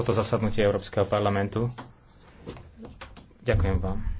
toto zasadnutie Európskeho parlamentu. Ďakujem vám.